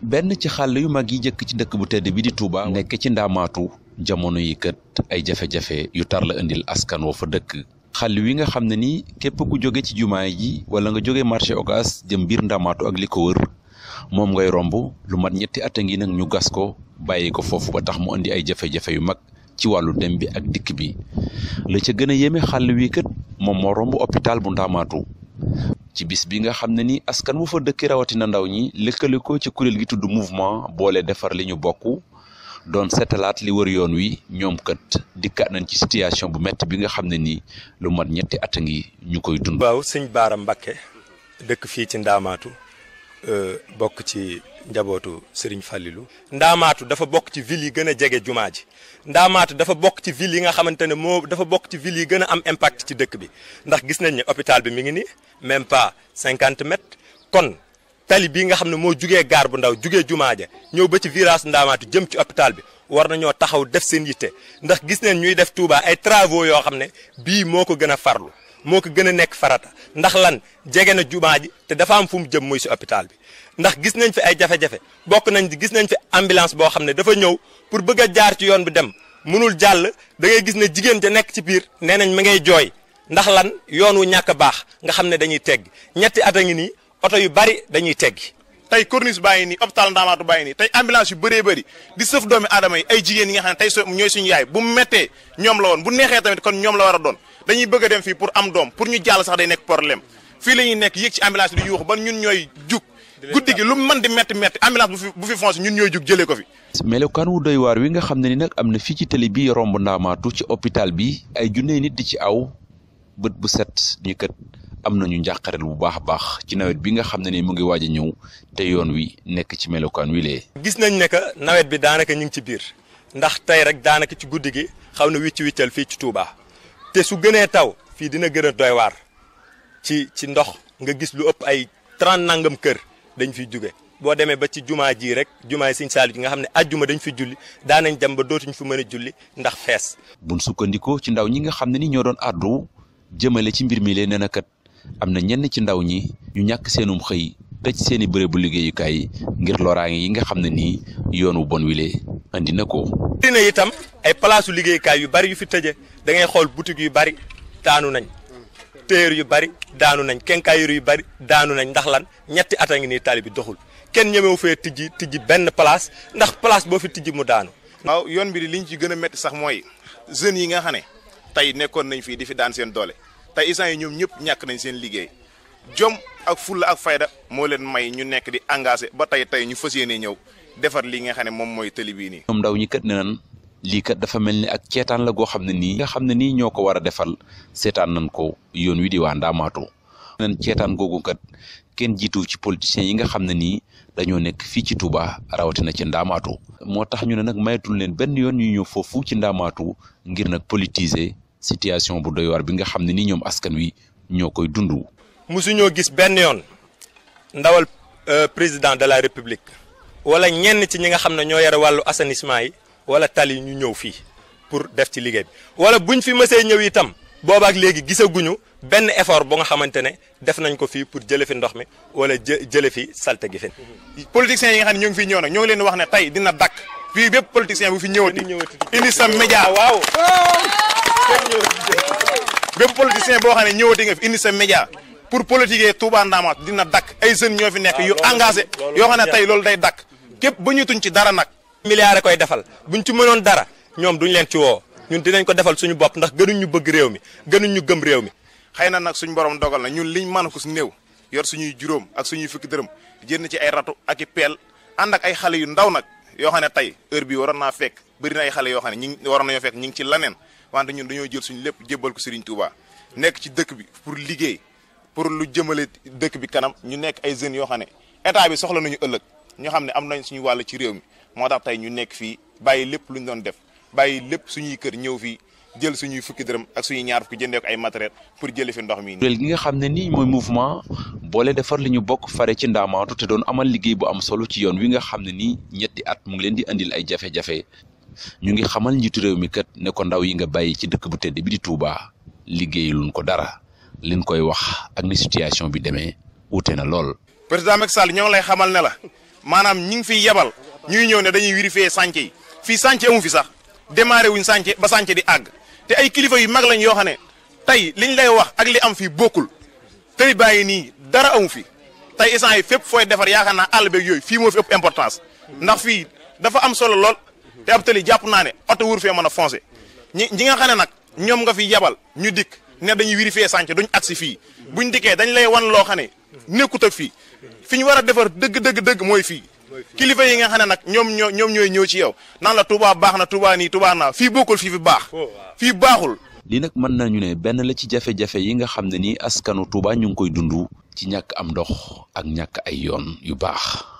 benn ci xàll yu mag yi jëkk ci dëkk bu tedd bi di Touba nekk ci ndaamaatu jamono yi kët ay jafe-jafe yu tar la indil askan wa fa dëkk xàll wi nga xam ne ni képp ku jóge ci jumaay ji wala nga jóge marché Ocass jëm biir ndaamaatu ak li ko wër moom ngay romb lu mat ñetti at a ngi nag ñu gas ko bàyyi ko foofu ba tax mu indi ay jafe-jafe yu mag ci wàllu dem bi ak dikk bi la ca gën a yéeme xàll wii kët moom moo romb hôpital bu ndaamaatu ci bis bi nga xam ne ni askan wu fa dëkki rawatina ndaw ñi lëkkale ci kuréel gi tudd mouvement boole defar li ñu bokk doon seetalaat li wër yoon wi ñoom kat dikkaat nañ ci situation bu métti bi nga xam ne nii lu mat ñetti at ngi ñu koy dund. waaw sëñ Baara Mbakke dëkk fii ci Ndaamaatu. Euh, bokk ci njabootu Serigne fallilu Ndaamaatu dafa bokk ci ville yi gën a jege jumaa ji Ndaamaatu dafa bokk ci ville yi nga xamante ne moo dafa bokk ci ville yi gën a am impact ci dëkk bi ndax gis nañ ne hôpital bi mi ngi nii même pas cinquante mètres kon. tali bii nga xam ne moo jugee gaar bu ndaw jugee jumaa ja ñëw ba ci virage ndaamaatu jëm ci hôpital bi war nañoo taxaw def seen yitte ndax gis neen ñuy def Touba ay travaux yoo xam ne bii moo ko gën a farlu moo ko gën a nekk farata ndax lan jege na jumaa ji te dafa am fu mu jëm muy si hôpital bi ndax gis nañ fi ay jafe-jafe bokk nañ gis nañ fi ambulance boo xam ne dafa ñëw pour bëgg a jaar ci yoon bi dem mënul jàll da gis ne jigéen ja nekk ci biir nee nañ ma ngay jooy ndax lan yoon wu ñàkk baax nga xam ne dañuy tegg ñetti at a ngi nii oto yu bari dañuy teggi tey corniche bàyyi nii hôpital Ndamaatu bàyyi nii tey ambulance yu bëree bëri di sëf doomi aadama yi ay jigéen yi nga xam ne tey so ñooy suñu yaay bu méttee ñoom la woon bu neexee tamit kon ñoom la war a doon dañuy bëgg a dem fii pour am doom pour ñu jàll sax day nekk problème fii la ñuy nekk yéeg ci ambulance di yuuxu ba ñun ñooy jug guddi gi lu mën di metti metti ambulance bu fi ñun ñooy jug jëlee ko fi. melokaan wu doy waar wi nga xam ne ni nag am na fii ci télé bi romb Ndamaatu ci hôpital bi ay junne nit di ci aw bët bu set ñu kët am na ñu njàqareel bu baax a baax ci nawet bi nga xam ne ni mu ngi waaj a ñëw te yoon wi nekk ci melokaan wi lee gis nañ ne que nawet bi daanaka ñu ngi ci biir ndax tey rek daanaka ci guddi gi xaw na ci wiccal fii ci Touba te su gënee taw fii dina gën a doy waar ci ci ndox nga gis lu ëpp ay trente nangam kër dañ fiy jóge boo demee ba ci jumaa ji rek jumaa siñ Saaliw ji nga xam ne ajjuma dañ fi julli daanañ dem ba dootuñ fi mën a julli ndax fees. buñ sukkandikoo ci ndaw ñi nga xam ne ni ñoo doon àddu jëmale ci mbir mi lee nee na kat am na ñenn ci ndaw ñi ñu ñàkk seenum xëy tëj seeni bërëbu liggéeyukaay yi ngir loraange yi nga xam ne nii yoonu bon wile andi na ko. bëri na itam ay palaasu liggéeyukaay yu bari yu fi tëje da ngay xool boutique yu bari daanu nañ téer yu bari daanu nañ kenkaayir yu bari daanu nañ ndax lan ñetti at a ngi nii tali bi doxul kenn ñemewu fee tijji tijji benn place ndax place boo fi tijji mu daanu. waaw yoon bi li ñu ci gën a métti sax mooy jeunes yi nga xam ne tey nekkoon nañ fii di fi daan seen doole. te instant yi ñoom ñëpp ñàkk nañ seen liggéey jom ak fulla ak fayda moo leen may ñu nekk di engagé ba tey tey ñu fas yéene ñëw defar lii nga xam ne moom mooy tëli bii nii. ndaw ñi kat ne lii kat dafa mel ni ak ceetaan la goo xam ne nii. nga xam ne nii ñoo ko war a defal seetaan nañ ko yoon wi di waa Ndaamaatu. nen ceetaan googu kat kenn jiitu ci politiciens yi nga xam ne nii dañoo nekk fii ci Touba rawatina ci Ndaamaatu. moo tax ñu ne nag mayatul leen benn yoon ñu ñëw foofu ci Ndaamaatu ngir nag politiser. situation bu doy waar bi nga xam ne ni ñoom askan wi ñoo koy dund. mosuñoo gis benn yoon ndawal euh, président de la république wala ñenn ci ñi nga xam ne ñoo yore wàllu assainissement yi wala yi ñu ñëw fii pour def ci liggéey bi bu buñ fi mësee ñëw itam boobaak léegi gisaguñu benn effort bu nga xamante ne def nañ ko fii pour jële fi ndox mi wala jë jële fi salte gi fi. politiciens yi nga xam ne ñoo ngi fi ñëw nag ñoo ngi leen wax ne tey dina dakk fii bépp politicien bu fi ñëwati indi bépp politicien boo xam ne ñëwati nga fi indi média pour politiquer Touba Ndamatou dina dakk ay jeunes ñoo fi nekk yu ah, engagé yoo xam ne tey loolu day dakk képp ba ñu ci dara nag. milliards koy defal buñ ci mënoon dara ñoom duñ leen ci woo ñun dinañ ko defal suñu bopp ndax gënuñ ñu bëgg réew mi gënuñ ñu gëm réew mi. xëy na nag suñu borom dogal na ñun liñ mën ko su néew yor suñuy juróom ak suñuy fukki dërëm na ci ay ratu ak i peel ànd ak ay xale yu ndaw nag yoo xam ne tey heure bi waroon naa fekk bëri na ay xale yoo xam ne ñi waroon nañoo fekk ñi ngi ci laneen wante ñun dañoo jël suñu lépp jébbal ko Serigne Touba nekk ci dëkk bi pour liggéey pour lu jëmale dëkk bi kanam ñu nekk ay jeunes yoo xam ne état bi soxla nañu ëllëg ñu xam ne am nañ suñu wàll ci réew mi moo tax tey ñu nekk fii bàyyi lépp lu ñu doon def bàyyi lépp suñuy kër ñëw fii jël suñuy fukki dërëm ak suñu ñaar fukki jëndee ko ay matériel pour jële fi ndox mi. kuréel gi nga xam ne nii mooy mouvement boole defar li ñu bokk fare ci ndaamaatu te doon amal liggéey bu am solo ci yoon wi nga xam ne nii ñetti at mu ngi leen di andil ay jafe ñu ngi xamal njiitu réew mi kat ne ko ndaw yi nga bàyyi ci dëkk bu tedd bi di Touba liggéeyluñ ko dara liñ koy wax ak ni situation bi demee wute na lool. président Macky Sall ñoo ngi lay xamal ne la maanaam ñi ngi fiy yebal ñuy ñëw ne dañuy vérifier chantier yi fii chantier amu fi sax démarré wuñ chantier ba chantier di àgg te ay kilifa yu mag lañ yoo xam ne tey liñ lay wax ak li am fii bokkul tey bàyyi nii dara amu fi tey instant yi fépp fooy defar yaakaar naa àll beeg yooyu fii moo ëpp importance te ab tali jàpp naa ne oto wur fee mën a foncé ñi ñi nga xam ne nag ñoom nga fi yebal ñu dikk ne dañuy vérifier sànc duñ agsi fii buñ dikkee dañ lay wan loo xam ne nekkut ak fii fi ñu war a defar dëgg dëgg dëgg mooy fii kilifa yi nga xam ne nag ñoom ñoo ñoom ñooy ñëw ci yow naan la Touba baax na Touba nii Touba naa fii bokkul fii fi baax oh, fii baaxul lii nag mën nañu ne benn la ci jafe-jafe yi nga xam ne nii askanu Touba ñu ngi koy dund ci ñàkk am ndox ak ñàkk ay yoon yu baax